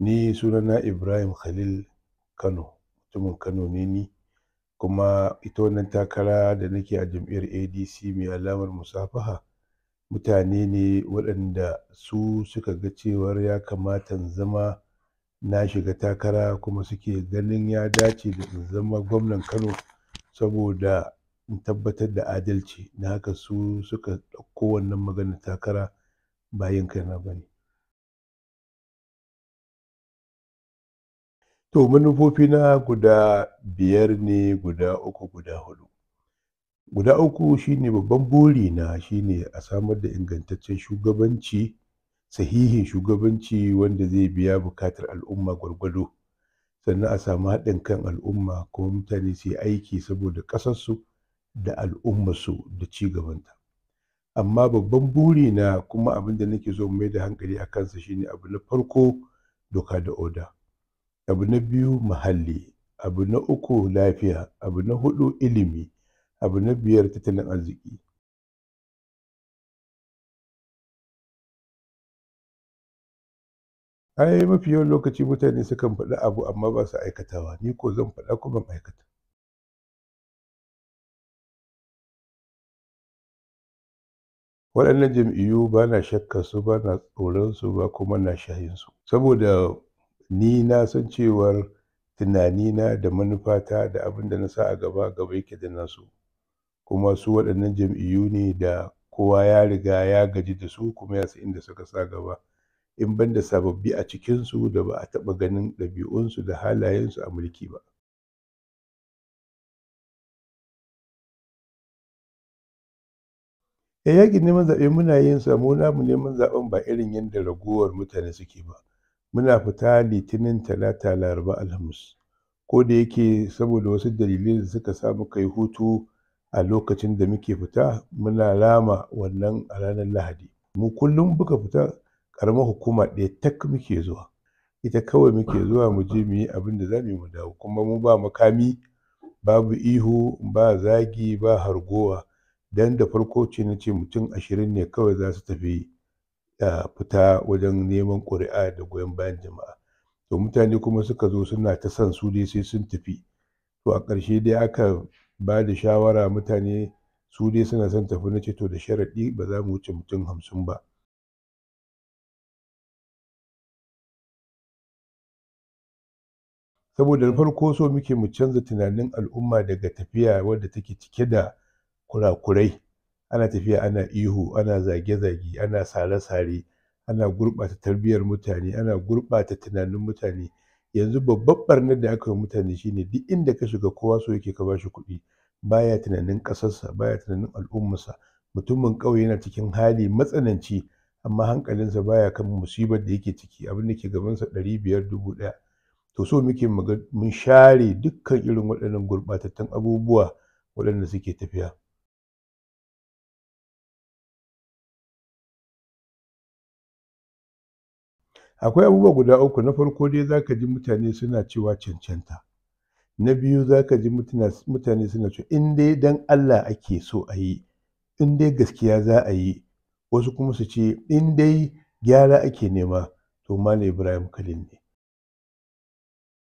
Ni sunana Ibrahim Khalil Kano, mutumin Kano ne ni, kuma ita wannan takara da nake a jam'iyyar ADC mai alamar musafaha mutane ne waɗanda su suka ga cewar ya kamata in zama na shiga takara kuma suke ganin ya dace da in zama gwamnan Kano saboda in tabbatar da adalci, na haka su suka ɗauko wannan maganar takara ba yin kaina ba To manufofi na guda biyar ne, guda uku, guda hudu, Guda uku shine babban buri na shine a samar da ingantaccen shugabanci, sahihin shugabanci wanda zai biya bukatar al'umma gwargwado. Sannan a samu haɗin kan al'umma kuma mutane su aiki saboda ƙasarsu da al'ummarsu da ci gabanta. Amma babban buri na kuma abin da nake so mai da hankali a kansa shine abu na farko doka da oda. abu na biyu muhalli abu na uku lafiya abu na hudu ilimi abu na biyar tattalin arziki ai mafi yawan lokaci mutane sukan faɗi abu amma ba su aikatawa ni ko zan faɗa ko ban aikata waɗannan jam'iyyu ba na shakka su ba na tsoron su ba kuma na shayinsu, saboda ni na san cewar tunanina da manufata da abin da na sa a gaba gaba yake da nasu kuma su waɗannan jam'iyyu ne da kowa ya riga ya gaji da su kuma ya san inda suka sa gaba in ban da sababbi a cikinsu da ba a taɓa ganin ɗabi'unsu da halayensu a mulki ba. ya eh, yaƙin neman zaɓe muna yin samu namu neman zaɓen ba irin yadda ragowar mutane suke ba muna fita litinin talata laraba alhamis ko da yake saboda wasu dalilai da suka sa muka yi hutu a lokacin da muke fita muna rama wannan a ranar lahadi mu kullum muka fita karamar hukuma ɗaya tak muke zuwa ita kawai muke zuwa mu je mu yi abin da za mu yi mu dawo kuma mu ba makami babu ihu ba zagi ba hargowa dan da farko ce na ce mutum ashirin ne kawai za su tafi Da fita wajen neman ƙuri'a da goyon bayan jama'a to mutane kuma suka zo suna ta san su dai sai sun tafi to a ƙarshe dai aka ba da shawara mutane su dai suna son tafi na ceto da sharaɗi ba za mu wuce mutum hamsin ba saboda farko so muke mu canza tunanin al'umma daga tafiya wadda take cike da kurakurai ana tafiya ana ihu ana zage-zage ana sare-sare ana gurɓata tarbiyyar mutane ana gurɓata tunanin mutane yanzu babban ɓarnar da aka yi mutane shine duk inda ka shiga kowa so yake ka ba shi kuɗi baya tunanin ƙasarsa baya tunanin al'ummarsa mutumin ƙauye yana cikin hali matsananci amma hankalinsa baya kan musibar da yake ciki abin da ke gabansa ɗari biyar dubu ɗaya to so muke mun share dukkan irin waɗannan gurɓatattun abubuwa waɗanda suke tafiya akwai abubuwa guda uku na farko dai za ka ji mutane suna cewa cancanta na biyu za ka ji mutane suna cewa in dai dan Allah ake so a yi in dai gaskiya za a yi wasu kuma su ce in dai gyara ake nema to malam ibrahim kalin ne